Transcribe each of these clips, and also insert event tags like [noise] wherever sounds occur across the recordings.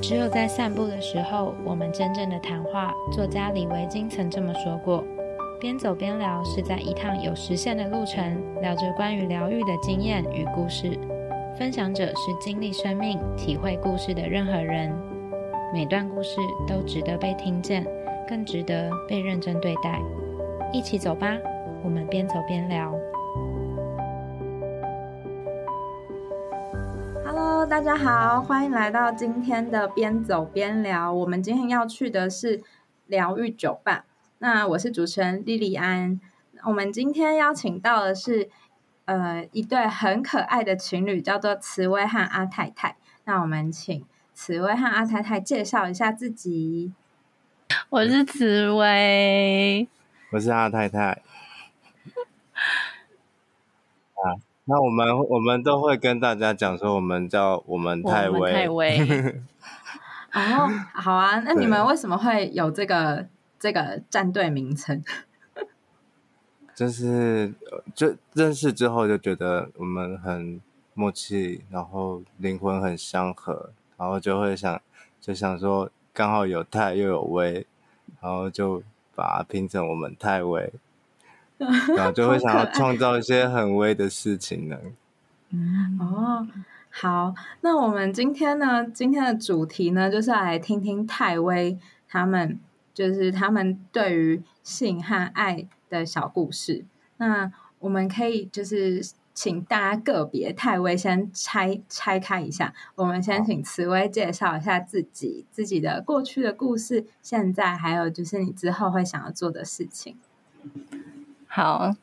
只有在散步的時候，我們真正的談話。作家李維京曾這麼說過：邊走邊療，是在一趟有時限的路程，聊着關於療癒的經驗與故事。分享者是經歷生命、體會故事的任何人。每段故事都值得被聽見，更值得被認真對待。一起走吧，我們邊走邊療。大家好，歡迎來到今天的邊走邊療，我們今天要去的是療癒酒吧。那我是主持人莉莉安。我們今天邀請到的是呃，一對很可愛的情侶，叫做慈葳和阿泰泰。那我們請慈葳和阿泰泰介紹一下自己。我是慈葳，我是阿泰泰。那我們我們都會跟大家講說，我們叫我們，泰威，我們泰威。哦， [laughs] oh, 好啊，那你們為什麼會有這個對這個戰隊名稱？ [laughs] 就是就認識之後就覺得我們很默契，然後靈魂很相合，然後就會想就想說剛好有泰又有威，然後就把它拼成我們泰威。 [laughs] 就會想要創造一些很微的事情呢。哦， [laughs] oh, 好，那我們今天呢，今天的主題呢，就是要來聽聽泰微，他們，就是他們對於性和愛的小故事。那我們可以就是請大家個別泰微，先拆拆開一下。我們先請慈葳介紹一下自己自己的過去的故事，現在還有就是你之後會想要做的事情。好，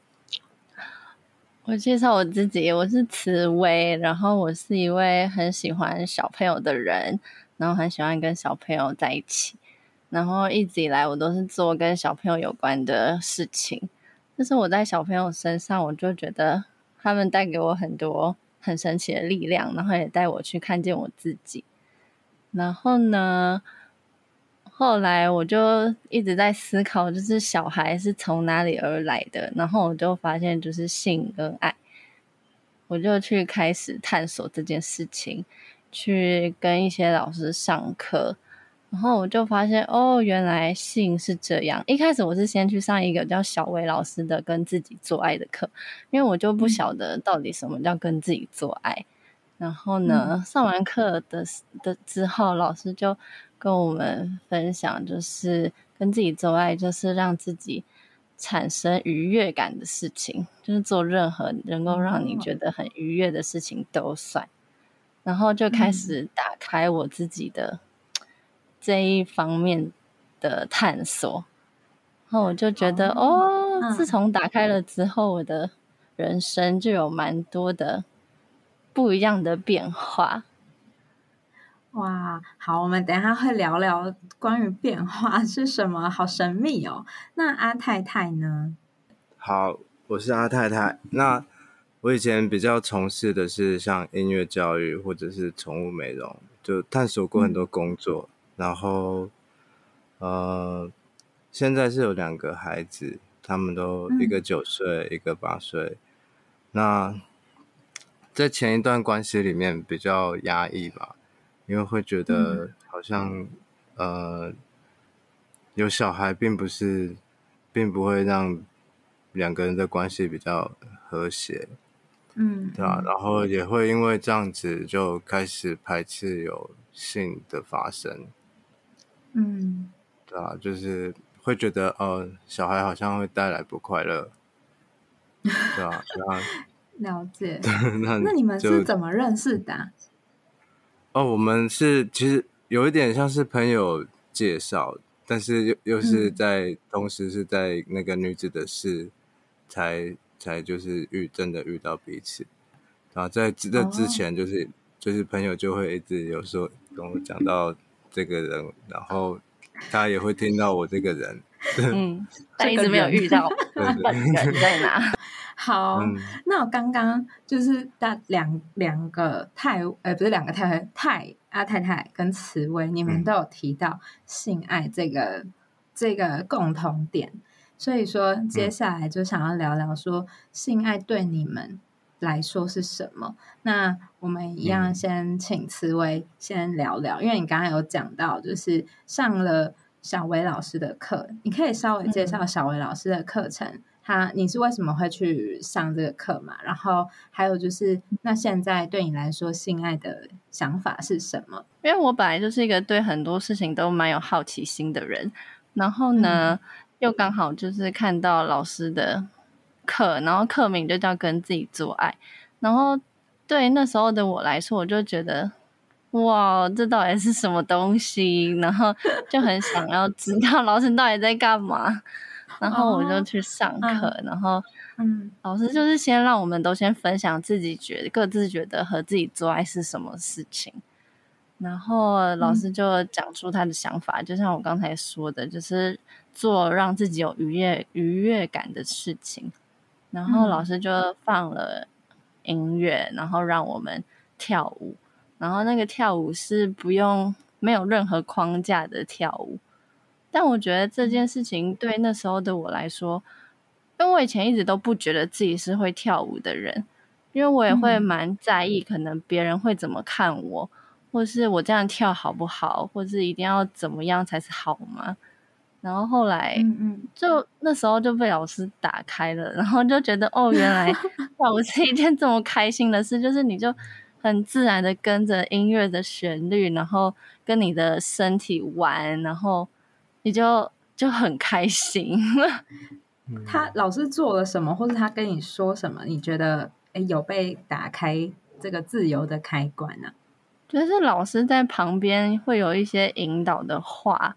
我介紹我自己，我是慈葳，然後我是一位很喜歡小朋友的人，然後很喜歡跟小朋友在一起，然後一直以來我都是做跟小朋友有關的事情，但是我在小朋友身上，我就覺得他們帶給我很多很神奇的力量，然後也帶我去看見我自己，然後呢，後來我就一直在思考，就是小孩是從哪裡而來的。然後我就發現，就是性跟愛，我就去開始探索這件事情，去跟一些老師上課。然後我就發現，哦，原來性是這樣。一開始我是先去上一個叫曉薇老師的跟自己做愛的課，因為我就不曉得到底什麼叫跟自己做愛。嗯、然後呢，上完課的的之後，老師就。跟我們分享，就是跟自己做愛，就是讓自己產生愉悅感的事情，就是做任何能夠讓你覺得很愉悅的事情都算。然後就開始打開我自己的這一方面的探索。然後我就覺得，哦，自從打開了之後，我的人生就有蠻多的不一樣的變化。哇，好，我們等一下會聊聊關於變化是什麼，好神秘哦。那阿泰泰呢？好，我是阿泰泰。那我以前比較從事的是像音樂教育或者是寵物美容，就探索過很多工作。嗯、然後，呃，現在是有兩個孩子，他們都一個九歲，嗯、一個八歲。那在前一段關係裡面比較壓抑吧。因為會覺得好像，嗯、呃，有小孩並不是，並不會讓兩個人的關係比較和諧，嗯，對、啊、嗯，然後也會因為這樣子就開始排斥有性的發生，嗯，對吧、啊？就是會覺得，哦、呃，小孩好像會帶來不快樂，嗯、對吧、啊？ [laughs] 了解，那 [laughs] 那你們是怎麼認識的、啊？哦，我們是其實有一點像是朋友介紹，但是又又是在、嗯、同時是在那個女子的市，才才就是遇真的遇到彼此。然後在在之前，就是、哦、就是朋友就會一直有時候跟我講到這個人，然後他也會聽到我這個人。嗯，但 [laughs] 一直沒有遇到。在哪？好，那我剛剛就是大兩兩個泰呃，不是兩個泰泰、泰、阿泰泰跟慈葳，你們都有提到性愛這個、嗯、這個共同點，所以說接下來就想要聊聊說性愛對你們來說是什麼。那我們一樣先請慈葳先聊聊，嗯、因為你剛剛有講到就是上了。曉薇老師的課，你可以稍微介紹曉薇老師的課程。嗯、他，你是為什麼會去上這個課嘛？然後還有就是，那現在對你來說，性愛的想法是什麼？因為我本來就是一個對很多事情都蠻有好奇心的人，然後呢，嗯、又剛好就是看到老師的課，然後課名就叫“跟自己做愛”，然後對那時候的我來說，我就覺得。哇，這到底是什麼東西？然後就很想要知道老師到底在幹嘛。然後我就去上課，哦嗯、然後嗯，老師就是先讓我們都先分享自己覺各自覺得和自己做愛是什麼事情。然後老師就講出他的想法，嗯、就像我剛才說的，就是做讓自己有愉悅愉悅感的事情。然後老師就放了音樂，然後讓我們跳舞。然後那個跳舞是不用，沒有任何框架的跳舞，但我覺得這件事情對那時候的我來說，因為我以前一直都不覺得自己是會跳舞的人，因為我也會蠻在意可能別人會怎麼看我，嗯、或是我這樣跳好不好，或是一定要怎麼樣才是好嘛。然後後來，嗯就、嗯、那時候就被老師打開了，然後就覺得哦，原來跳舞是一件這麼開心的事， [laughs] 就是你就。很自然的跟着音樂的旋律，然後跟你的身體玩，然後你就就很開心。 [laughs] 嗯、他老師做了什麼，或是他跟你說什麼，你覺得誒有被打開這個自由的開關呢、啊？就是老師在旁邊會有一些引導的話，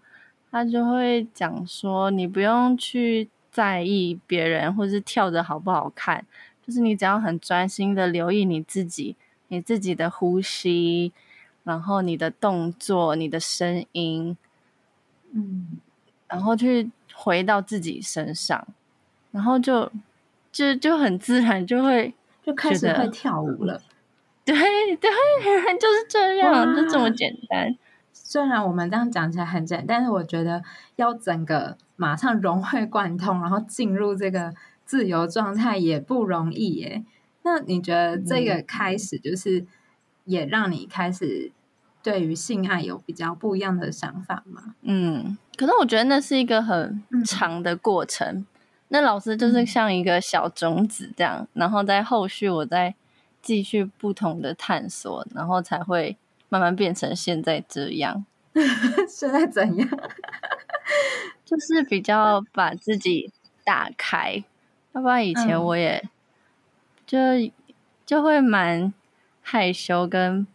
他就會講說，你不用去在意別人，或是跳的好不好看，就是你只要很專心的留意你自己。你自己的呼吸，然後你的動作，你的聲音，嗯，然後去回到自己身上，然後就就就很自然，就會就開始會跳舞了。對對，就是這樣，哇就這麼簡單。雖然我們這樣講起來很簡單，但是我覺得要整個馬上融會貫通，然後進入這個自由狀態也不容易耶。那你覺得這個開始就是也讓你開始對於性愛有比較不一樣的想法嗎？嗯，可是我覺得那是一個很長的過程。嗯、那老師就是像一個小種子這樣，嗯、然後在後續我再繼續不同的探索，然後才會慢慢變成現在這樣。現在怎樣？ [laughs] 就是比較把自己打開。爸爸以前我也、嗯。就就會蠻害羞，跟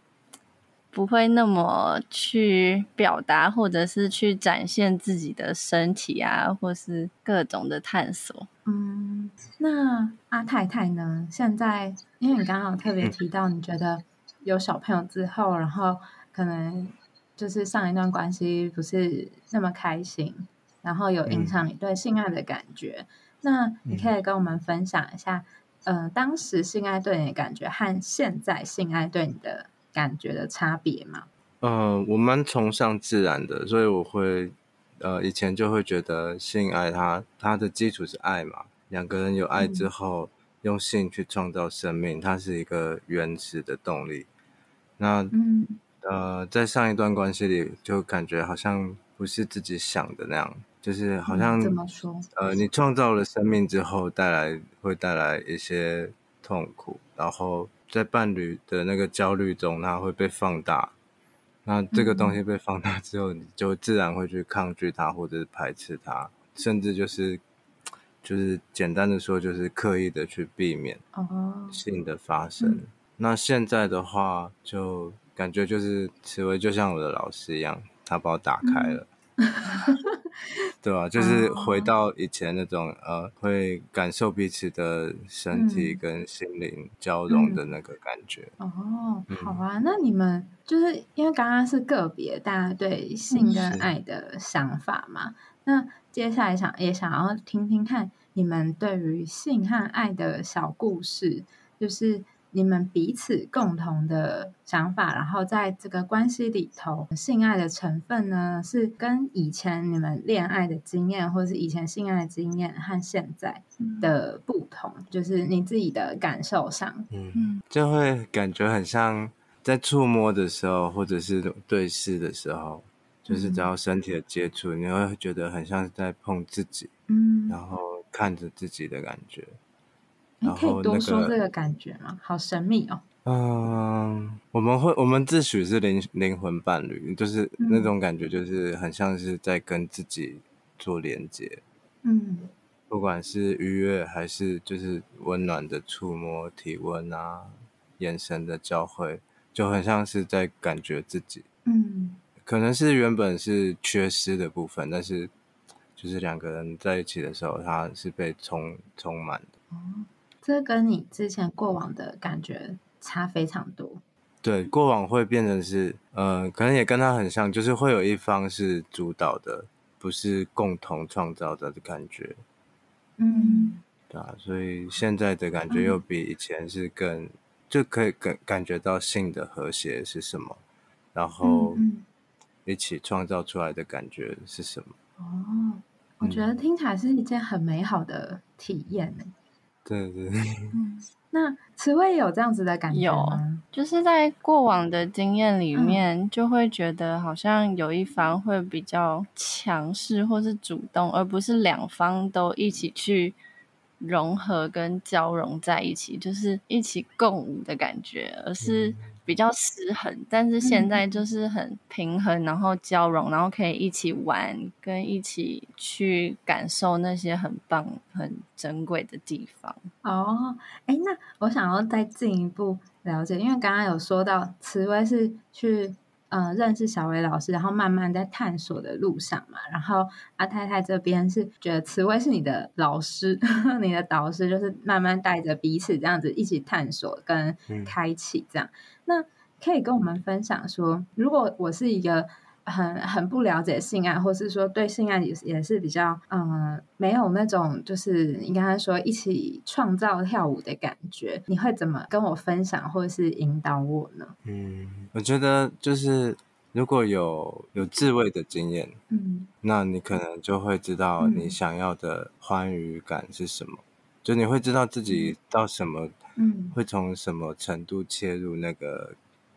不會那麼去表達，或者是去展現自己的身體啊，或是各種的探索。嗯，那阿、啊、泰泰呢？現在因為你剛好特別提到，你覺得有小朋友之後，嗯、然後可能就是上一段關係不是那麼開心，然後有影響你對性愛的感覺。嗯、那你可以跟我們分享一下。呃，當時性愛對你的感覺和現在性愛對你的感覺的差別嗎？呃，我蠻崇尚自然的，所以我會呃，以前就會覺得性愛它它的基礎是愛嘛，兩個人有愛之後、嗯、用性去創造生命，它是一個原始的動力。那嗯呃，在上一段關係裡就感覺好像不是自己想的那樣。就是好像怎、嗯、麼說，麼說呃，你創造了生命之後，帶來會帶來一些痛苦，然後在伴侶的那個焦慮中，它會被放大。那這個東西被放大之後，你就自然會去抗拒它，或者是排斥它，甚至就是就是簡單的說，就是刻意的去避免哦性的發生。哦嗯、那現在的話，就感覺就是慈葳就像我的老師一樣，他把我打開了。嗯 [laughs] 對吧、啊，就是回到以前那種、啊、呃、呃，會感受彼此的身體跟心靈交融的那個感覺。嗯嗯、哦，好啊。嗯、那你們就是因為剛剛是個別大家對性跟愛的想法嘛？嗯、那接下來想也想要聽聽看你們對於性和愛的小故事，就是。你們彼此共同的想法，然後在這個關係裡頭，性愛的成分呢，是跟以前你們戀愛的經驗，或是以前性愛的經驗和現在的不同，就是你自己的感受上，嗯，就會感覺很像在觸摸的時候，或者是對視的時候，就是只要身體的接觸，你會覺得很像是在碰自己，嗯，然後看着自己的感覺。你、那個、可以多說這個感覺嗎？好神秘哦。嗯，我們會我們自詡是靈靈魂伴侶，就是那種感覺，就是很像是在跟自己做連接。嗯，不管是愉悅還是就是溫暖的觸摸、體溫啊、眼神的交匯，就很像是在感覺自己，嗯，可能是原本是缺失的部分，但是就是兩個人在一起的時候，他是被充充滿的。哦。這跟你之前過往的感覺差非常多。對，過往會變成是，嗯、呃，可能也跟他很像，就是會有一方是主導的，不是共同創造的感覺。嗯，對啊，所以現在的感覺又比以前是更，嗯、就可以感感覺到性的和諧是什麼，然後一起創造出來的感覺是什麼。嗯、哦，我覺得聽起來是一件很美好的體驗。嗯對對對、嗯，那慈葳有這樣子的感覺嗎？有，就是在過往的經驗裡面，就會覺得好像有一方會比較強勢或是主動，而不是兩方都一起去融合跟交融在一起，就是一起共舞的感覺，而是。比較失衡，但是現在就是很平衡，然後交融，然後可以一起玩，跟一起去感受那些很棒、很珍貴的地方。哦、哎、欸，那我想要再進一步了解，因為剛剛有說到慈葳是去。嗯、呃，認識曉薇老師，然後慢慢在探索的路上嘛。然後阿泰泰這邊是覺得慈葳是你的老師，呵呵你的導師，就是慢慢帶着彼此這樣子一起探索跟開啟這樣。嗯、那可以跟我們分享說，如果我是一個。很很不了解性愛，或是說對性愛也也是比較嗯、呃、沒有那種就是應該說一起創造跳舞的感覺，你會怎麼跟我分享或者是引導我呢？嗯，我覺得就是如果有有自慰的經驗，嗯，那你可能就會知道你想要的歡愉感是什麼，嗯、就你會知道自己到什麼嗯會從什麼程度切入那個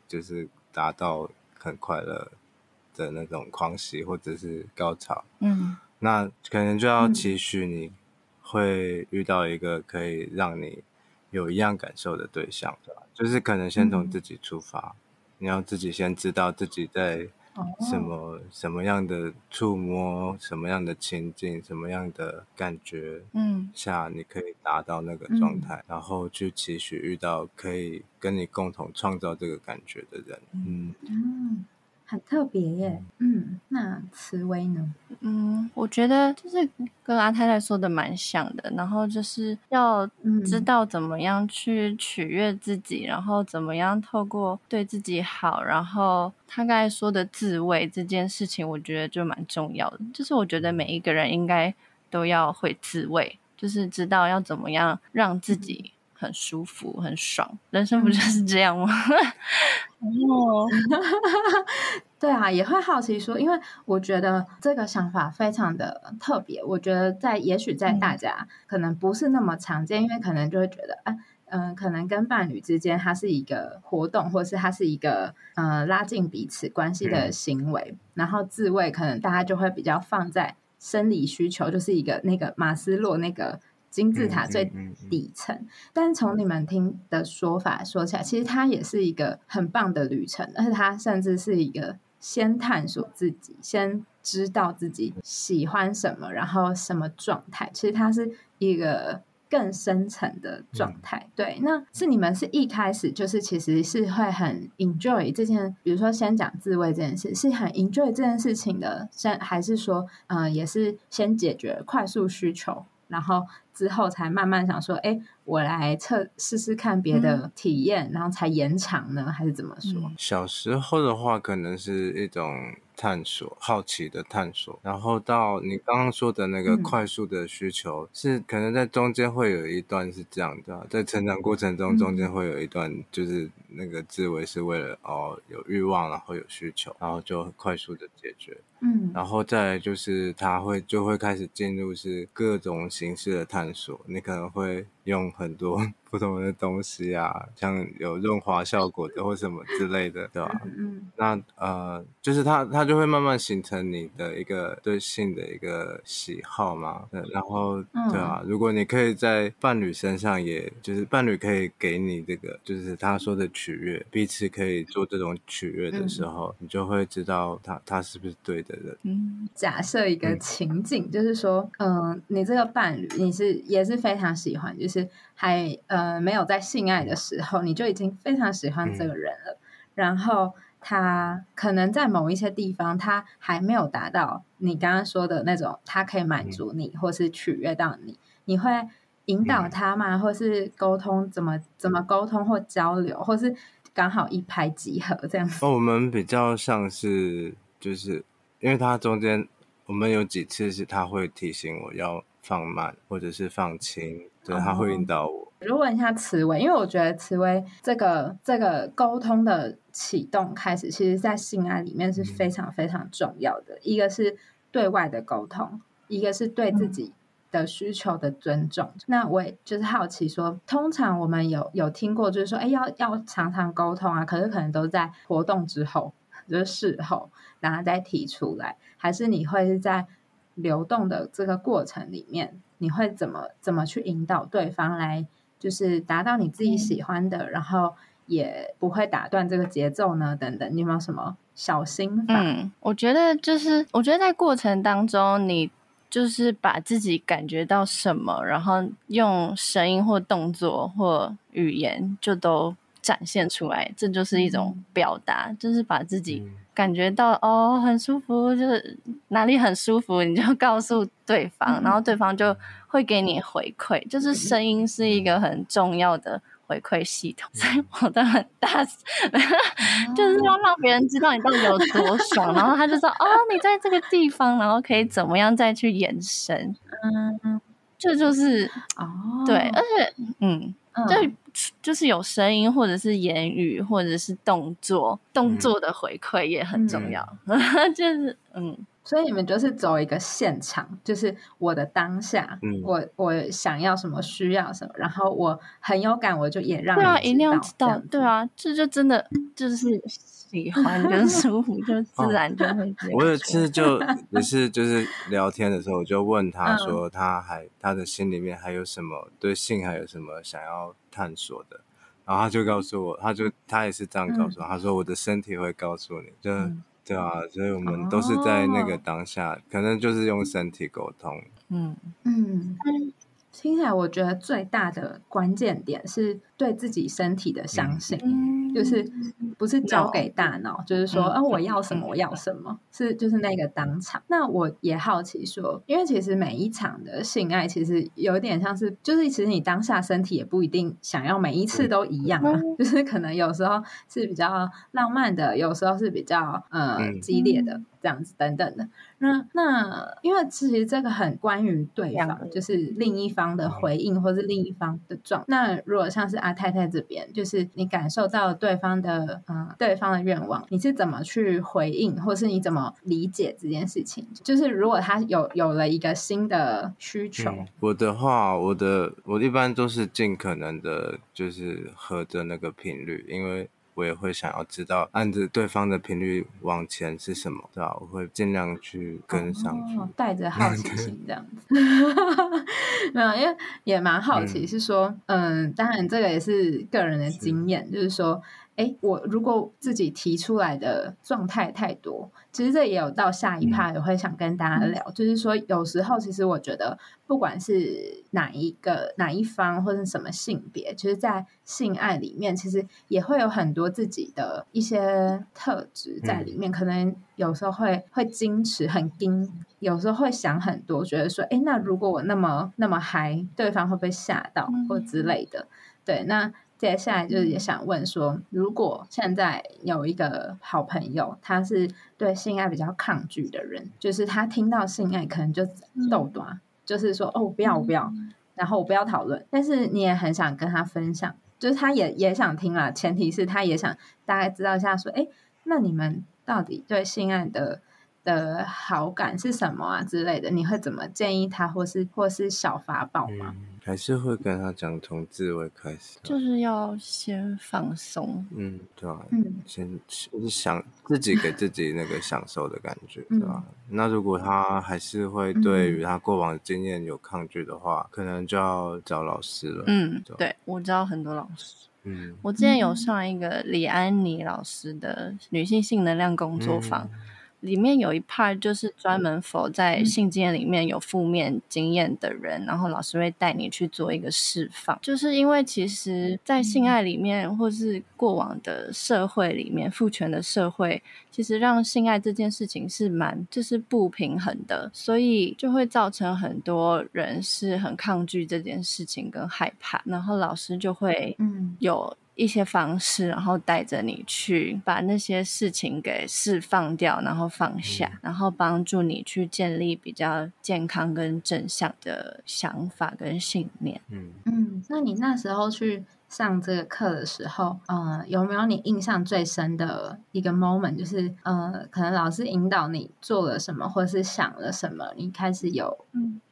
就是達到很快樂的那種狂喜或者是高潮，嗯，那可能就要期許你會遇到一個可以讓你有一樣感受的對象，嗯、對吧？就是可能先從自己出發，嗯、你要自己先知道自己在什麼、哦、什麼樣的觸摸、什麼樣的情境、什麼樣的感覺，嗯，下你可以達到那個狀態，嗯、然後去期許遇到可以跟你共同創造這個感覺的人，嗯。嗯嗯很特別耶，嗯，那慈葳呢？嗯，我覺得就是跟阿泰泰說的蠻像的，然後就是要知道怎麼樣去取悅自己，嗯、然後怎麼樣透過對自己好，然後他該說的自慰這件事情，我覺得就蠻重要的，就是我覺得每一個人應該都要會自慰，就是知道要怎麼樣讓自己、嗯。很舒服，很爽，人生不就是這樣嗎？哦、嗯， [laughs] 對啊，也會好奇說，因為我覺得這個想法非常的特別。我覺得在也許在大家、嗯、可能不是那麼常見，因為可能就會覺得，啊、呃，嗯、呃，可能跟伴侶之間它是一個活動，或是它是一個嗯、呃、拉近彼此關係的行為。嗯、然後自慰，可能大家就會比較放在生理需求，就是一個那個馬斯洛那個，金字塔最底層，嗯嗯嗯、但是從你們聽的說法說起來，其實它也是一個很棒的旅程，但是它甚至是一個先探索自己、先知道自己喜歡什麼，然後什麼狀態。其實它是一個更深層的狀態。嗯、對，那是你們是一開始就是其實是會很 enjoy 這件，比如說先講自慰這件事，是很 enjoy 這件事情的，先還是說，嗯、呃，也是先解決快速需求？然後之後才慢慢想說，誒、欸。我來測試試看別的體驗，嗯、然後才延長呢，還是怎麼說、嗯？小時候的話，可能是一種探索、好奇的探索。然後到你剛剛說的那個快速的需求，嗯、是可能在中間會有一段是這樣的，在成長過程中，嗯、中間會有一段就是那個自慰是為了哦有慾望，然後有需求，然後就快速的解決。嗯，然後再來就是他會就會開始進入是各種形式的探索，你可能會用。很多不同的東西啊，像有潤滑效果的或什麼之類的，對吧、啊 [laughs] 嗯？嗯，那呃，就是他他就會慢慢形成你的一個對性的一個喜好嘛。然後，對啊，嗯、如果你可以在伴侶身上也，也就是伴侶可以給你這個，就是他說的取悅，彼此、嗯、可以做這種取悅的時候，嗯、你就會知道他他是不是對的人。嗯，假設一個情景，嗯、就是說，嗯、呃，你這個伴侶，你是也是非常喜歡，就是。還呃沒有在性愛的時候，你就已經非常喜歡這個人了。嗯、然後他可能在某一些地方，他還沒有達到你剛剛說的那種，他可以滿足你、嗯、或是取悅到你。你會引導他嗎？嗯、或是溝通怎麼怎麼溝通或交流，或是剛好一拍即合這樣子？哦，我們比較像是就是因為他中間。我們有幾次是他會提醒我要放慢或者是放輕，對、就是，他會引導我。Oh. 如果問一下慈葳，因為我覺得慈葳這個這個溝通的啟動開始，其實在性愛裡面是非常非常重要的。嗯、一個是對外的溝通，一個是對自己的需求的尊重。嗯、那我也就是好奇說，說通常我們有有聽過，就是說，哎，要要常常溝通啊，可是可能都在活動之後。的時候，然後再提出來，還是你會在流動的這個過程裡面，你會怎麼怎麼去引導對方來，就是達到你自己喜歡的，嗯、然後也不會打斷這個節奏呢？等等，你有沒有什麼小心法？嗯，我覺得就是，我覺得在過程當中，你就是把自己感覺到什麼，然後用聲音或動作或語言，就都，展現出來，這就是一種表達，嗯、就是把自己感覺到、嗯、哦，很舒服，就是哪裡很舒服，你就告訴對方，嗯、然後對方就會給你回饋，就是聲音是一個很重要的回饋系統。所以、嗯、我都很大聲、嗯、 [laughs] 就是要讓別人知道你到底有多爽，嗯、然後他就說：“哦，你在這個地方，然後可以怎麼樣再去延伸。”嗯，這就是哦，對，而且嗯，對。就是有聲音，或者是言語，或者是動作，動作的回饋也很重要。嗯、 [laughs] 就是嗯，所以你們就是走一個現場，就是我的當下，嗯、我我想要什麼，需要什麼，然後我很有感，我就也讓，對啊，一定要知道，對啊，這就真的就是喜歡跟舒服，嗯、就自然就會、哦。我有次就也是，就是聊天的時候，我就問他說，他還、嗯、他的心裡面還有什麼對性還有什麼想要探索的，然後他就告訴我，他就他也是這樣告訴我，嗯、他說我的身體會告訴你，就、嗯、對啊，所以我們都是在那個當下，哦、可能就是用身體溝通。嗯嗯，聽、嗯、起來我覺得最大的關鍵點是。對自己身體的相信，嗯、就是不是交給大腦，嗯、就是說，嗯、啊，我要什麼，我要什麼，嗯、是就是那個當場。那我也好奇說，因為其實每一場的性愛，其實有點像是，就是其實你當下身體也不一定想要每一次都一樣啊，嗯、就是可能有時候是比較浪漫的，有時候是比較呃、嗯、激烈的這樣子等等的。那那因為其實這個很關於對方，就是另一方的回應，嗯、或是另一方的狀態。嗯、那如果像是泰泰這邊，就是你感受到對方的，嗯、呃，對方的願望，你是怎麼去回應，或是你怎麼理解這件事情？就是如果他有有了一個新的需求，嗯、我的話，我的我一般都是盡可能的，就是合着那個頻率，因為。我也會想要知道，按着對方的頻率往前是什麼，對吧？我會盡量去跟上去，哦，帶着好奇心這樣子。對 [laughs] 沒有，因為也蠻好奇，嗯、是說，嗯，當然這個也是個人的經驗，是就是說。哎，我如果自己提出來的狀態太多，其實這也有到下一趴，嗯，也會想跟大家聊，嗯、就是說有時候其實我覺得，不管是哪一個哪一方或是什麼性別，其實在性愛裡面，其實也會有很多自己的一些特質在裡面，嗯、可能有時候會會矜持很矜，有時候會想很多，覺得說，哎，那如果我那麼那麼嗨，對方會不會嚇到或之類的？嗯、對，那。接下來就是也想問說，如果現在有一個好朋友，他是對性愛比較抗拒的人，就是他聽到性愛可能就鬥短，嗯、就是說哦，不要不要，然後我不要討論。嗯、但是你也很想跟他分享，就是他也也想聽了，前提是他也想大概知道一下說，說、欸、誒，那你們到底對性愛的的好感是什麼啊之類的？你會怎麼建議他，或是或是小法寶嗎？嗯還是會跟他講，從自慰開始、啊，就是要先放鬆，嗯，對、啊、嗯，先，先想自己給自己那個享受的感覺，對吧、啊？嗯、那如果他還是會對於他過往的經驗有抗拒的話，嗯、可能就要找老師了。嗯，就對，我知道很多老師，嗯，我之前有上一個李安妮老師的女性性能量工作坊。嗯裡面有一 part，就是專門 for 在性經驗裡面有負面經驗的人，嗯、然後老師會帶你去做一個釋放。就是因為其實在性愛裡面，嗯、或是過往的社會裡面，父權的社會，其實讓性愛這件事情是蠻就是不平衡的，所以就會造成很多人是很抗拒這件事情跟害怕，然後老師就會嗯有。一些方式，然後帶着你去把那些事情給釋放掉，然後放下，嗯、然後幫助你去建立比較健康跟正向的想法跟信念。嗯嗯，那你那時候去上這個課的時候，呃，有沒有你印象最深的一個 moment？就是呃，可能老師引導你做了什麼，或是想了什麼，你開始有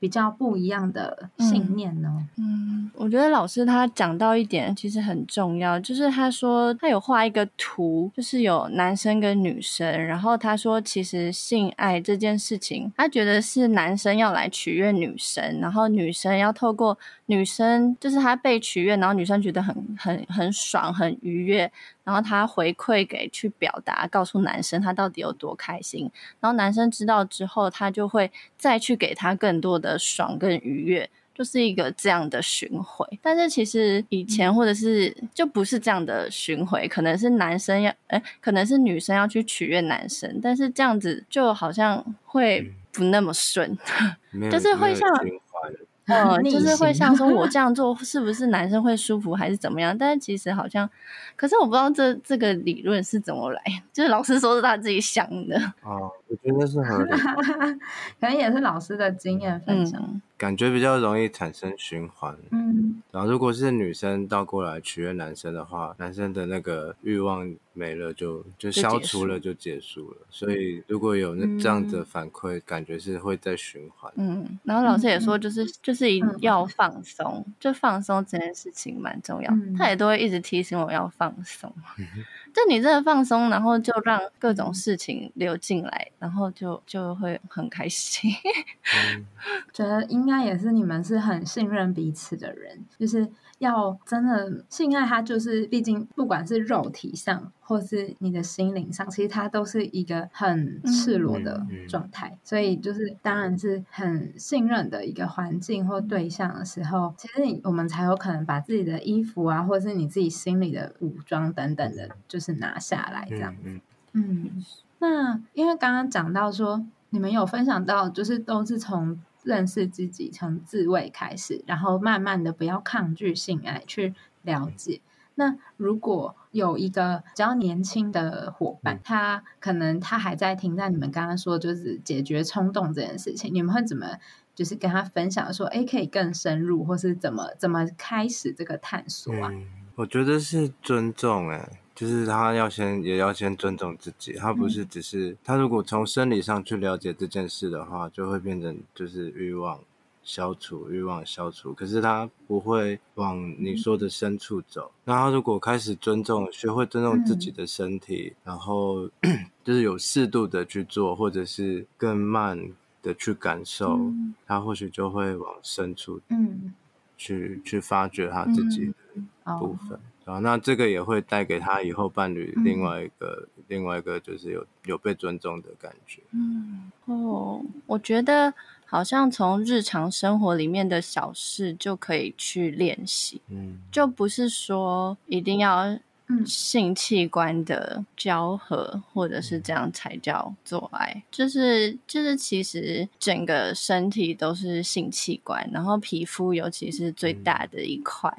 比較不一樣的信念呢？嗯，嗯，我覺得老師他講到一點其實很重要，就是他說他有畫一個圖，就是有男生跟女生，然後他說其實性愛這件事情，他覺得是男生要來取悅女生，然後女生要透過女生，就是他被取悅，然後女生覺得。很很很爽，很愉悅，然後他回饋給去表達，告訴男生他到底有多開心，然後男生知道之後，他就會再去給他更多的爽跟愉悅，就是一個這樣的循環。但是其實以前或者是、嗯、就不是這樣的循環，可能是男生要哎，可能是女生要去取悅男生，但是這樣子就好像會不那麼順，嗯、 [laughs] 就是會像。哦，就是會像說，我這樣做是不是男生會舒服，還是怎麼樣？但是其實好像，可是我不知道這這個理論是怎麼來，就是老師說是他自己想的。啊、哦，我覺得是很 [laughs] 可能也是老師的經驗分享。嗯感覺比較容易產生循環，嗯，然後如果是女生倒過來取悅男生的話，男生的那個慾望沒了就就消除了就結束了，嗯、所以如果有那這樣的反饋，嗯、感覺是會再循環，嗯，然後老師也說就是就是一定要放鬆，嗯、就放鬆這件事情蠻重要，嗯、他也都會一直提醒我要放鬆。 [laughs] 就你真的放鬆，然後就讓各種事情流進來，然後就就會很開心。 [laughs] 嗯、覺得應該也是你們是很信任彼此的人，就是要真的信賴他，就是畢竟不管是肉體上。或是你的心靈上，其實它都是一個很赤裸的狀態，嗯嗯嗯、所以就是當然是很信任的一個環境或對象的時候，嗯、其實我們才有可能把自己的衣服啊，或是你自己心裡的武裝等等的，就是拿下來這樣子。嗯，嗯，嗯，那因為剛剛講到說，你們有分享到，就是都是從認識自己、從自慰開始，然後慢慢的不要抗拒性愛，去了解。嗯、那如果有一個比較年輕的夥伴，他可能他還在聽，在你們剛剛說就是解決衝動這件事情，你們會怎麼就是跟他分享說，誒可以更深入，或是怎麼怎麼開始這個探索啊？嗯，我覺得是尊重欸，誒，就是他要先也要先尊重自己，他不是只是，嗯，他如果從生理上去了解這件事的話，就會變成就是欲望。消除慾望，消除，可是他不會往你說的深處走。嗯、那他如果開始尊重，學會尊重自己的身體，嗯、然後就是有適度的去做，或者是更慢的去感受，嗯、他或許就會往深處去、嗯、去，去發掘他自己的部分啊、嗯哦。那這個也會帶給他以後伴侶另外一個、嗯、另外一個，就是有有被尊重的感覺。嗯哦，oh, 我覺得。好像從日常生活裡面的小事就可以去練習，嗯，就不是說一定要性器官的交合，嗯，或者是這樣才叫做愛，就是就是其實整個身體都是性器官，然後皮膚尤其是最大的一塊，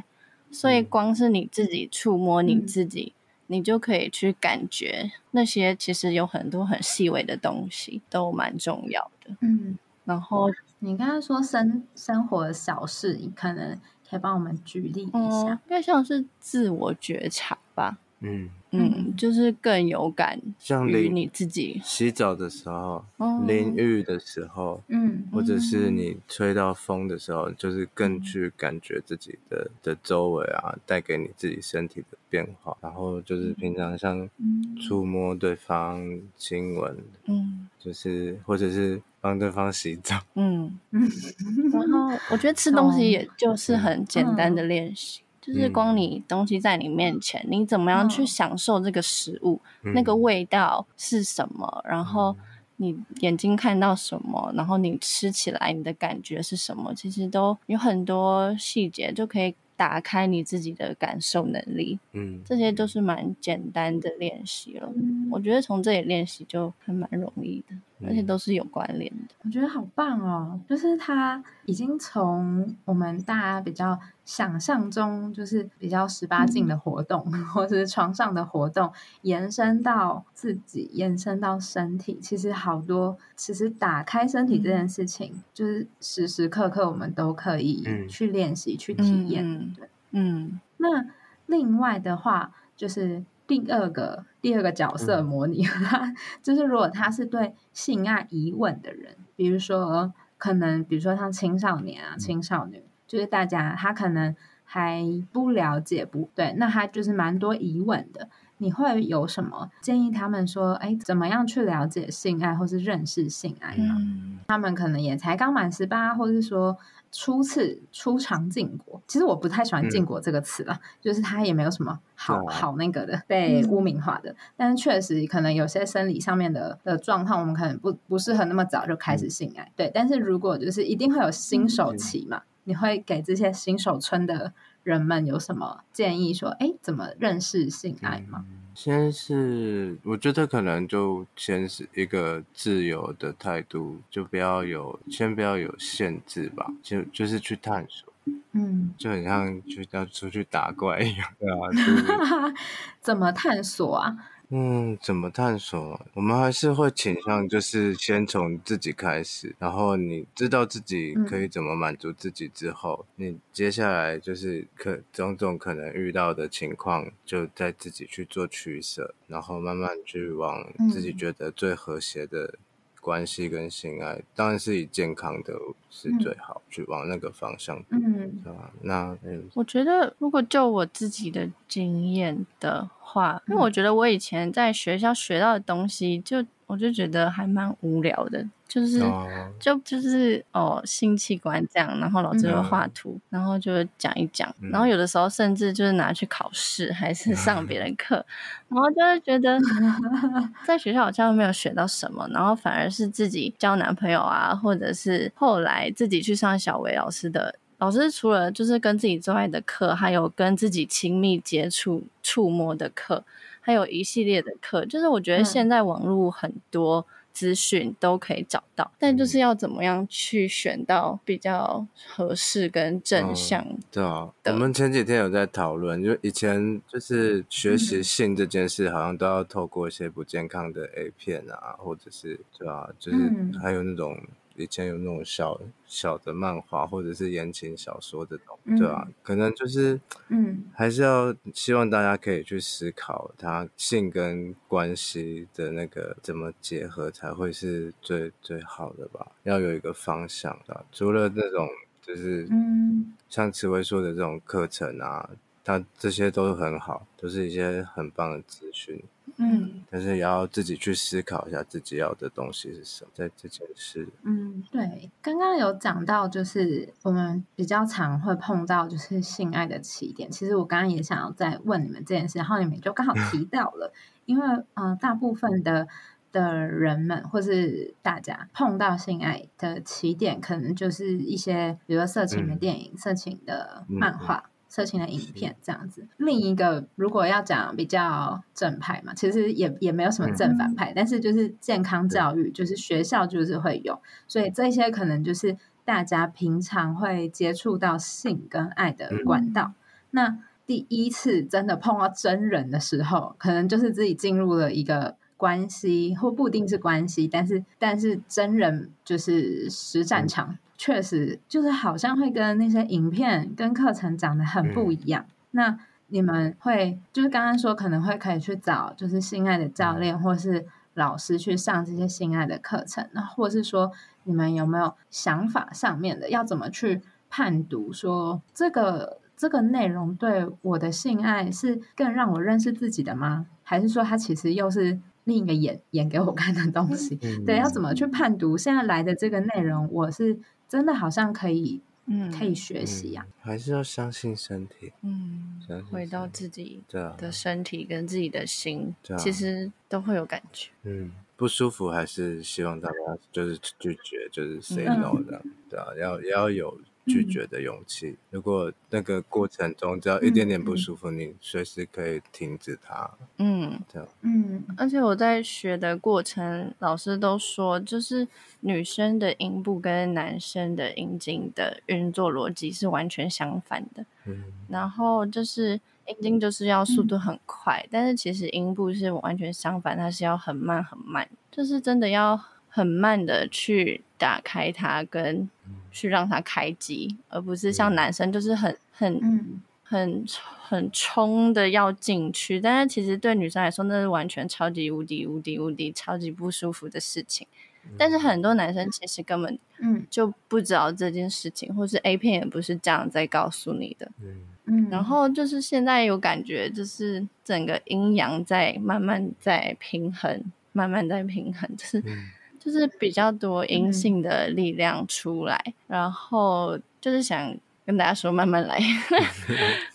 所以光是你自己觸摸你自己，嗯，你就可以去感覺那些其實有很多很細微的東西都蠻重要的，嗯。然後你剛才說生生活的小事，你可能可以幫我們舉例一下，因為、嗯、像是自我覺察吧。嗯嗯，就是更有感，像淋你自己洗澡的時候，淋浴、哦、的時候，嗯，或者是你吹到風的時候，嗯、就是更去感覺自己的、嗯、的周圍啊，帶給你自己身體的變化。然後就是平常像觸摸對方、親吻，嗯，就是或者是幫對方洗澡，嗯嗯。 [laughs] 然後我覺得吃東西也就是很簡單的練習。嗯嗯。就是光你東西在你面前，嗯，你怎麼樣去享受這個食物，嗯，那個味道是什麼？嗯，然後你眼睛看到什麼？然後你吃起來你的感覺是什麼？其實都有很多細節，就可以打開你自己的感受能力。嗯，這些都是蠻簡單的練習了。嗯，我覺得從這裡練習就還蠻容易的。而且都是有關聯的，嗯、我覺得好棒哦、喔！就是他已經從我們大家比較想象中，就是比較十八禁的活動，嗯、或者是床上的活動，延伸到自己，延伸到身體。其實好多，其實打開身體這件事情，嗯、就是時時刻刻我們都可以去練習、嗯、去體驗。對，嗯。那另外的話，就是。第二個第二個角色模擬、嗯，就是如果他是對性愛疑問的人，比如說、呃、可能比如說像青少年啊、嗯、青少女，就是大家他可能還不了解不，不對，那他就是蠻多疑問的。你會有什麼建議他們說，哎，怎麼樣去了解性愛或是認識性愛呢？嗯、他們可能也才剛滿十八，或是說。初次初嘗禁果，其實我不太喜歡“禁果”這個詞啦，嗯、就是他也沒有什麼好、哦啊、好那個的被、嗯、污名化的，但是確實可能有些生理上面的的狀況，我們可能不不適合那麼早就開始性愛。嗯、對，但是如果就是一定會有新手期嘛，嗯、你會給這些新手村的。人們有什麼建議說，誒，怎麼認識性愛嗎？嗯、先是我覺得可能就先是一個自由的態度，就不要有先不要有限制吧，就就是去探索，嗯，就很像就要出去打怪一樣，對啊、 [laughs] 怎麼探索啊？嗯，怎麼探索、啊？我們還是會傾向，就是先從自己開始，然後你知道自己可以怎麼滿足自己之後，嗯、你接下來就是可種種可能遇到的情況，就再自己去做取捨，然後慢慢去往自己覺得最和諧的、嗯。關係跟性愛當然是以健康的是最好，嗯、去往那個方向。嗯，是吧？那我覺得，如果就我自己的經驗的話，嗯、因為我覺得我以前在學校學到的東西，就。我就覺得還蠻無聊的，就是、oh. 就就是哦，性器官這樣，然後老師會畫圖，mm hmm. 然後就講一講，mm hmm. 然後有的時候甚至就是拿去考試，還是上別人課， [laughs] 然後就會覺得 [laughs] [laughs] 在學校好像沒有學到什麼，然後反而是自己交男朋友啊，或者是後來自己去上曉薇老師的老師，除了就是跟自己之外的課，還有跟自己親密接觸觸摸的課。還有一系列的課，就是我覺得現在網絡很多資訊都可以找到，嗯、但就是要怎麼樣去選到比較合適跟正向、嗯。對啊，我們前幾天有在討論，就以前就是學習性這件事，好像都要透過一些不健康的 A 片啊，或者是對啊，就是還有那種。以前有那種小小的漫畫，或者是言情小說的東西，嗯、對吧、啊？可能就是，嗯，還是要希望大家可以去思考，它性跟關係的那個怎麼結合才會是最最好的吧？要有一個方向的、啊。除了那種，就是，嗯，像慈葳說的這種課程啊，它這些都很好，都、就是一些很棒的資訊。嗯，但是也要自己去思考一下自己要的東西是什麼，在這件事。嗯，對，剛剛有講到，就是我們比較常會碰到就是性愛的起點。其實我剛剛也想要再問你們這件事，然後你們就剛好提到了， [laughs] 因為嗯、呃，大部分的的人們或是大家碰到性愛的起點，可能就是一些，比如說色情的電影、嗯、色情的漫畫。嗯嗯色情的影片這樣子，另一個如果要講比較正派嘛，其實也也沒有什麼正反派，嗯、但是就是健康教育，對就是學校就是會有，所以這些可能就是大家平常會接觸到性跟愛的管道。嗯、那第一次真的碰到真人的時候，可能就是自己進入了一個。關係或不一定是關係，但是但是真人就是實戰場，確實就是好像會跟那些影片跟課程長得很不一樣。嗯、那你們會就是剛剛說可能會可以去找就是性愛的教練、嗯、或是老師去上這些性愛的課程，那或是說你們有沒有想法上面的要怎麼去判讀說這個這個內容對我的性愛是更讓我認識自己的嗎？還是說它其實又是？另一個演演給我看的東西，對，要怎麼去判讀？現在來的這個內容，我是真的好像可以，嗯，可以學習啊、嗯。還是要相信身體，嗯，相信，回到自己的身體跟自己的心，這樣，其實都會有感覺。嗯，不舒服還是希望大家就是拒絕，就是 say no 這樣，對啊、嗯，要也要有。拒絕的勇氣。如果那個過程中只要一點點不舒服，嗯、你隨時可以停止它。嗯，這樣。嗯，而且我在學的過程，老師都說，就是女生的陰部跟男生的陰莖的運作邏輯是完全相反的。嗯、然後就是陰莖就是要速度很快，嗯、但是其實陰部是完全相反，它是要很慢很慢，就是真的要。很慢的去打開它，跟去讓它開機，嗯、而不是像男生就是很很、嗯、很很衝的要進去。但是其實對女生來說，那是完全超級無敵無敵無敵超級不舒服的事情。嗯、但是很多男生其實根本嗯就不知道這件事情，嗯、或是 A 片也不是這樣在告訴你的。嗯嗯。然後就是現在有感覺，就是整個陰陽在慢慢在平衡，慢慢在平衡，就是。嗯就是比較多陰性的力量出來，嗯、然後就是想跟大家說慢慢， [laughs] 慢慢來。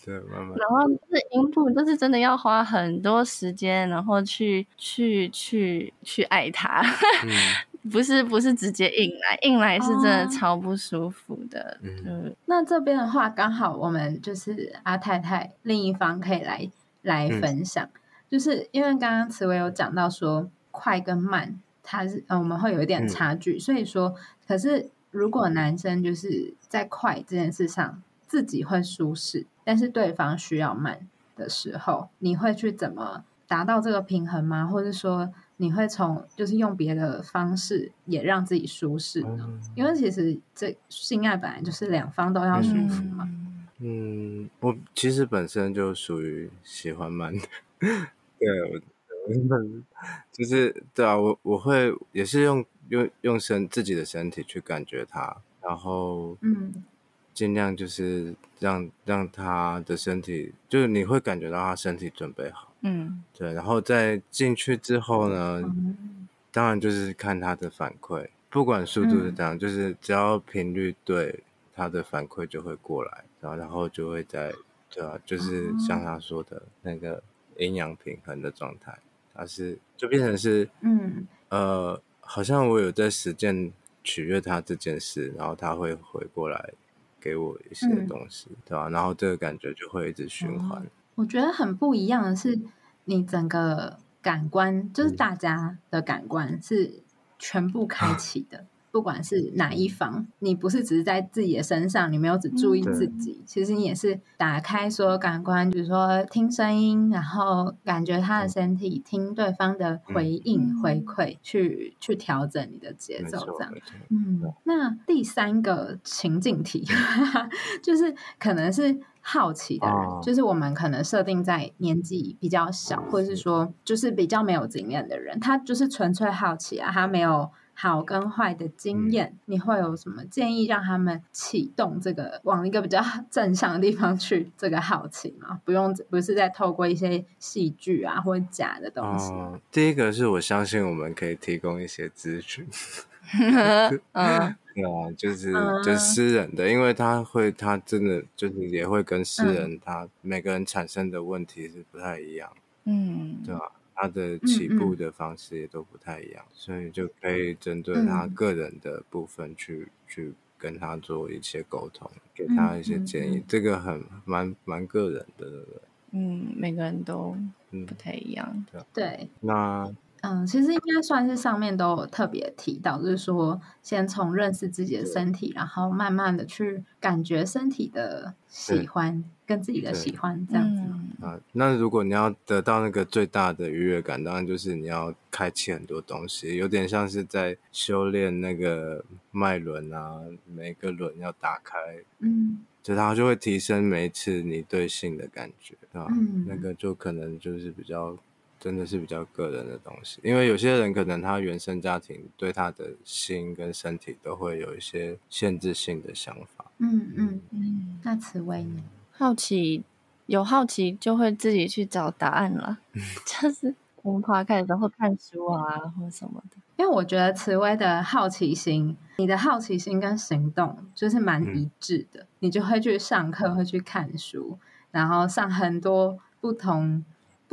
對，慢慢。然後是陰部，就是真的要花很多時間，然後去去去去愛它， [laughs] 嗯、不是不是直接硬來，硬來是真的超不舒服的。啊、對嗯。那這邊的話，剛好我們就是阿泰泰另一方可以來來分享，嗯、就是因為剛剛慈葳有講到說快跟慢。他是、嗯，我們會有一點差距，嗯、所以說，可是如果男生就是在快這件事上自己會舒適，但是對方需要慢的時候，你會去怎麼達到這個平衡嗎？或者說，你會從就是用別的方式也讓自己舒適呢？嗯、因為其實這性愛本來就是兩方都要舒服嘛。嗯，嗯，我其實本身就屬於喜歡慢的， [laughs] 對我。 [laughs] 就是對啊，我我會也是用用用身自己的身體去感覺它，然後嗯，盡量就是讓讓他的身體，就是你會感覺到他身體準備好，嗯，對，然後在進去之後呢，嗯、當然就是看他的反饋，不管速度是怎樣，嗯、就是只要頻率對，他的反饋就會過來，然後、啊、然後就會在對啊，就是像他說的那個陰陽平衡的狀態。而是就變成是，嗯，呃，好像我有在實踐取悅他這件事，然後他會回過來給我一些東西，嗯、對吧？啊。然後這個感覺就會一直循環，嗯。我覺得很不一樣的是，你整個感官，就是大家的感官是全部開啟的。嗯。啊。不管是哪一方，你不是只是在自己的身上，你沒有只注意自己。嗯、其實你也是打開所有感官，比如說聽聲音，然後感覺他的身體，嗯、聽對方的回應、嗯、回饋，去去調整你的節奏，錯這樣。嗯，對那第三個情境題， [laughs] [laughs] 就是可能是好奇的人，啊、就是我們可能設定在年紀比較小，或者是說就是比較沒有經驗的人，他就是純粹好奇啊，他沒有。好跟壞的經驗，嗯、你會有什麼建議讓他們啟動這個往一個比較正向的地方去這個好奇嗎？不用，不是在透過一些戲劇啊或假的東西嗎、呃。第一個是，我相信我們可以提供一些資訊。 [laughs] [laughs] 嗯，對啊、嗯，就是就是私人的，因為他會，他真的就是也會跟私人，他每個人產生的問題是不太一樣，嗯，對吧、啊？他的起步的方式也都不太一樣，嗯嗯所以就可以針對他個人的部分去、嗯、去跟他做一些溝通，給他一些建議。嗯嗯嗯這個很蠻蠻個人的對不對？嗯，每個人都不太一樣。嗯、對，對那。嗯，其實應該算是上面都有特別提到，就是說先從認識自己的身體，對然後慢慢的去感覺身體的喜歡、嗯、跟自己的喜歡對這樣子。嗯、啊，那如果你要得到那個最大的愉悅感，當然就是你要開啟很多東西，有點像是在修煉那個脈輪啊，每個輪要打開，嗯，就它就會提升每一次你對性的感覺啊，嗯、那個就可能就是比較。真的是比較個人的東西，因為有些人可能他原生家庭對他的心跟身體都會有一些限制性的想法。嗯嗯嗯，嗯嗯，那慈葳呢？嗯、好奇有好奇就會自己去找答案了， [laughs] 就是不怕看，候，會看書啊，或什麼的。因為我覺得慈葳的好奇心，你的好奇心跟行動就是蠻一致的，嗯、你就會去上課，會去看書，然後上很多不同。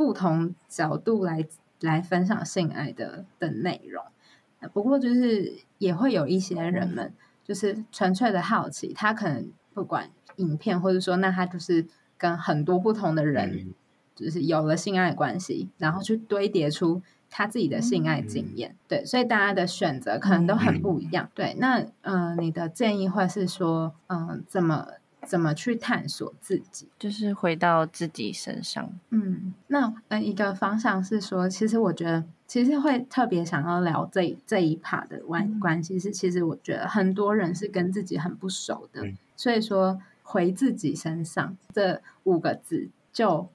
不同角度來來分享性愛的的內容，不過就是也會有一些人們就是純粹的好奇，他可能不管影片，或者說那他就是跟很多不同的人就是有了性愛關係，嗯、然後去堆疊出他自己的性愛經驗。嗯、對，所以大家的選擇可能都很不一樣。嗯、對，那呃，你的建議會是說，嗯、呃，怎麼？怎麼去探索自己？就是回到自己身上。嗯，那呃，一個方向是說，其實我覺得，其實會特別想要聊這這一 part 的關關係、嗯、是，其實我覺得很多人是跟自己很不熟的，嗯、所以說回自己身上這五個字就，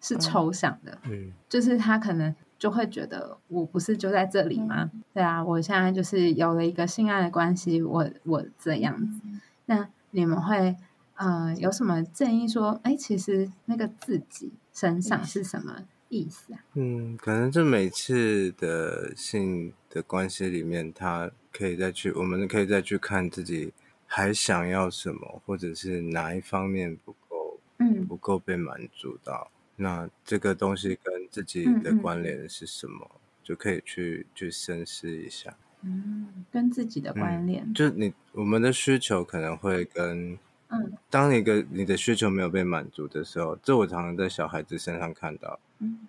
是抽象的。嗯、哦，就是他可能就會覺得，我不是就在這裡嗎？嗯、對啊，我現在就是有了一個性愛的關係，我我這樣子，嗯、那你們會。呃，有什麼建議說？哎，其實那個自己身上是什麼意思啊？嗯，可能就每次的性的關係裡面，他可以再去，我們可以再去看自己還想要什麼，或者是哪一方面不夠，嗯，不夠被滿足到。那這個東西跟自己的關聯是什麼，嗯哼，就可以去去深思一下。嗯，跟自己的關聯，嗯、就你我們的需求可能會跟。嗯，當你跟你的需求沒有被滿足的時候，這我常常在小孩子身上看到，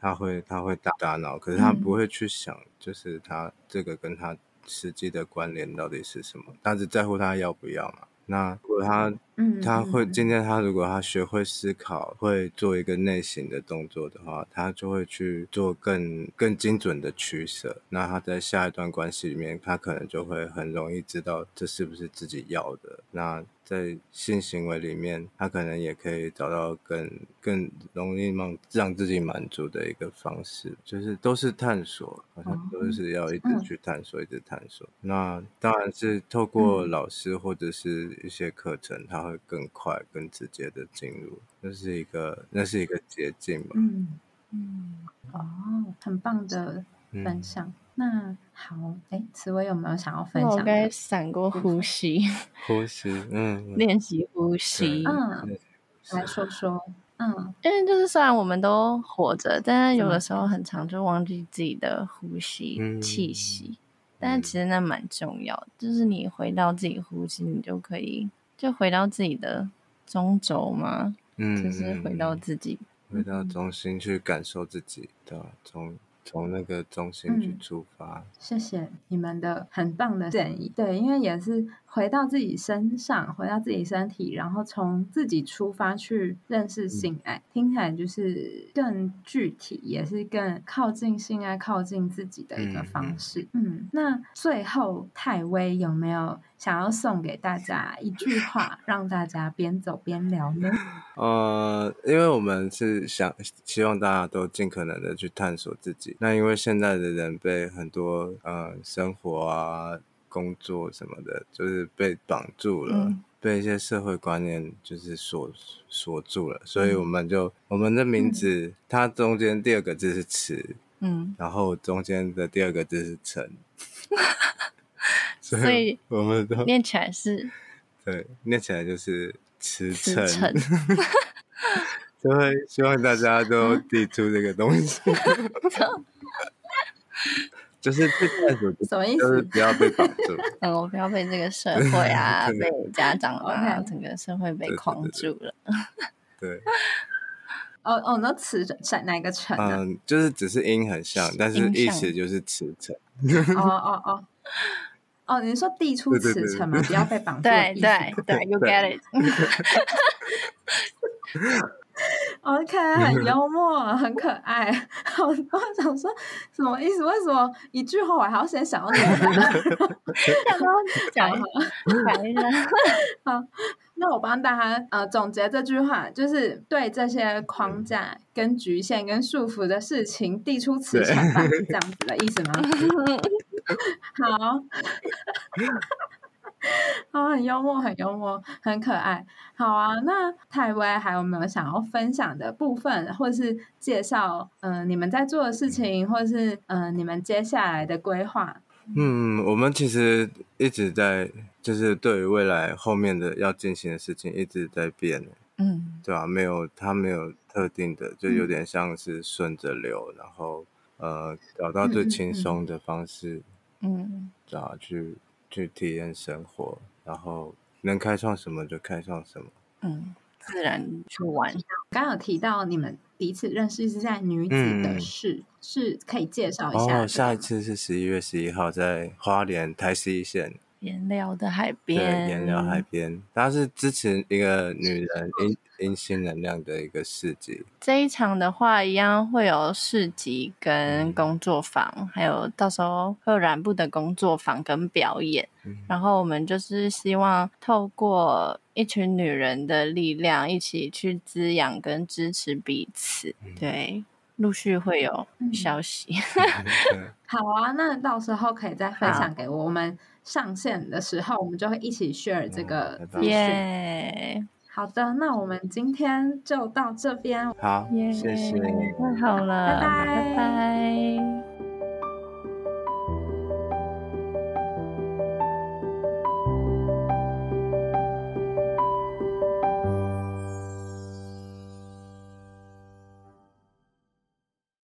他會他會打打鬧，可是他不會去想，就是他這個跟他實際的關聯到底是什麼，他只在乎他要不要嘛。那如果他他會今天他如果他學會思考，會做一個內省的動作的話，他就會去做更更精準的取捨。那他在下一段關係裡面，他可能就會很容易知道這是不是自己要的。那在性行為裡面，他可能也可以找到更更容易讓自己滿足的一個方式，就是都是探索，好像都是要一直去探索，一直探索。那當然是透過老師或者是一些課程他。會更快、更直接的進入，那是一個那是一個捷徑嘛？嗯，嗯哦，很棒的分享。嗯、那好，哎，慈葳有沒有想要分享？我剛剛閃過呼吸，是是呼吸，嗯，練習呼吸，對嗯，來說說，是嗯，因為就是雖然我們都活着，但是有的時候很常就忘記自己的呼吸氣息，嗯、但是其實那蠻重要，嗯、就是你回到自己呼吸，你就可以。就回到自己的中軸嘛，嗯，就是回到自己，嗯，回到中心去感受自己的，從從那個中心去出發。嗯。謝謝你們的很棒的建議，對，因為也是。回到自己身上，回到自己身體，然後從自己出發去認識性愛，嗯、聽起來就是更具體，也是更靠近性愛，靠近自己的一個方式。嗯，嗯，嗯，那最後太微有沒有想要送給大家一句話， [laughs] 讓大家邊走邊療呢？呃，因為我們是想希望大家都盡可能地去探索自己。那因為現在的人被很多呃生活啊，工作什麼的，就是被綁住了，嗯、被一些社會觀念就是鎖鎖住了，所以我們就、嗯、我們的名字，嗯、它中間第二個字是“慈”，嗯，然後中間的第二個字是“誠”，嗯、 [laughs] 所以所以我們都念起來是，對，念起來就是“慈誠池城”，就 [laughs] 會 [laughs] 希望大家都遞出這個東西。 [laughs] 嗯 [laughs] 就是什麼意思？就是不要被綁住。嗯，我不要被這個社會啊，被家長啊，整個社會被框住了。對。哦哦，那馳在哪個城？嗯，就是只是音很像，但是意思就是辭呈。哦哦哦。哦，你說遞出辭呈嗎？不要被綁住。對對對，you get it。我看很幽默，很可愛。 [laughs] 我想說什麼意思？為什麼一句話我還要先想到你？再跟我講一下。嗯、哼 [laughs] 好，那我幫大家、呃、總結這句話，就是對這些框架、跟局限、跟束縛的事情遞出辭呈，是對這樣子的意思嗎？ [laughs] 好。 [laughs] 啊，很幽默，很幽默，很可愛。好啊，那泰威還有沒有想要分享的部分，或是介紹？嗯、呃，你們在做的事情，嗯、或是嗯、呃，你們接下來的規劃？嗯，我們其實一直在，就是對於未來後面的要進行的事情一直在變。嗯，對吧、啊？沒有，它沒有特定的，就有點像是順着流，嗯、然後呃，找到最輕鬆的方式，嗯，嗯，嗯，找、啊、去。去體驗生活，然後能開創什麼就開創什麼。嗯，自然去玩。剛剛有提到你們彼此認識是在女子的市，嗯、是可以介紹一下。哦，嗎下一次是十一月十一號在花蓮台西縣。顏料的海邊，對，顏料海邊，它是支持一個女人陰陰性能量的一個市集。這一場的話，一樣會有市集跟工作坊，嗯、還有到時候會有染布的工作坊跟表演。嗯、然後我們就是希望透過一群女人的力量，一起去滋養跟支持彼此。嗯、對，陸續會有消息。嗯、 [laughs] 好啊，那到時候可以再分享給我們。上線的時候，我們就會一起 share 這個資訊。好的，那我們今天就到這邊。好，yeah, 謝謝，太好了，好，拜拜。拜拜拜拜。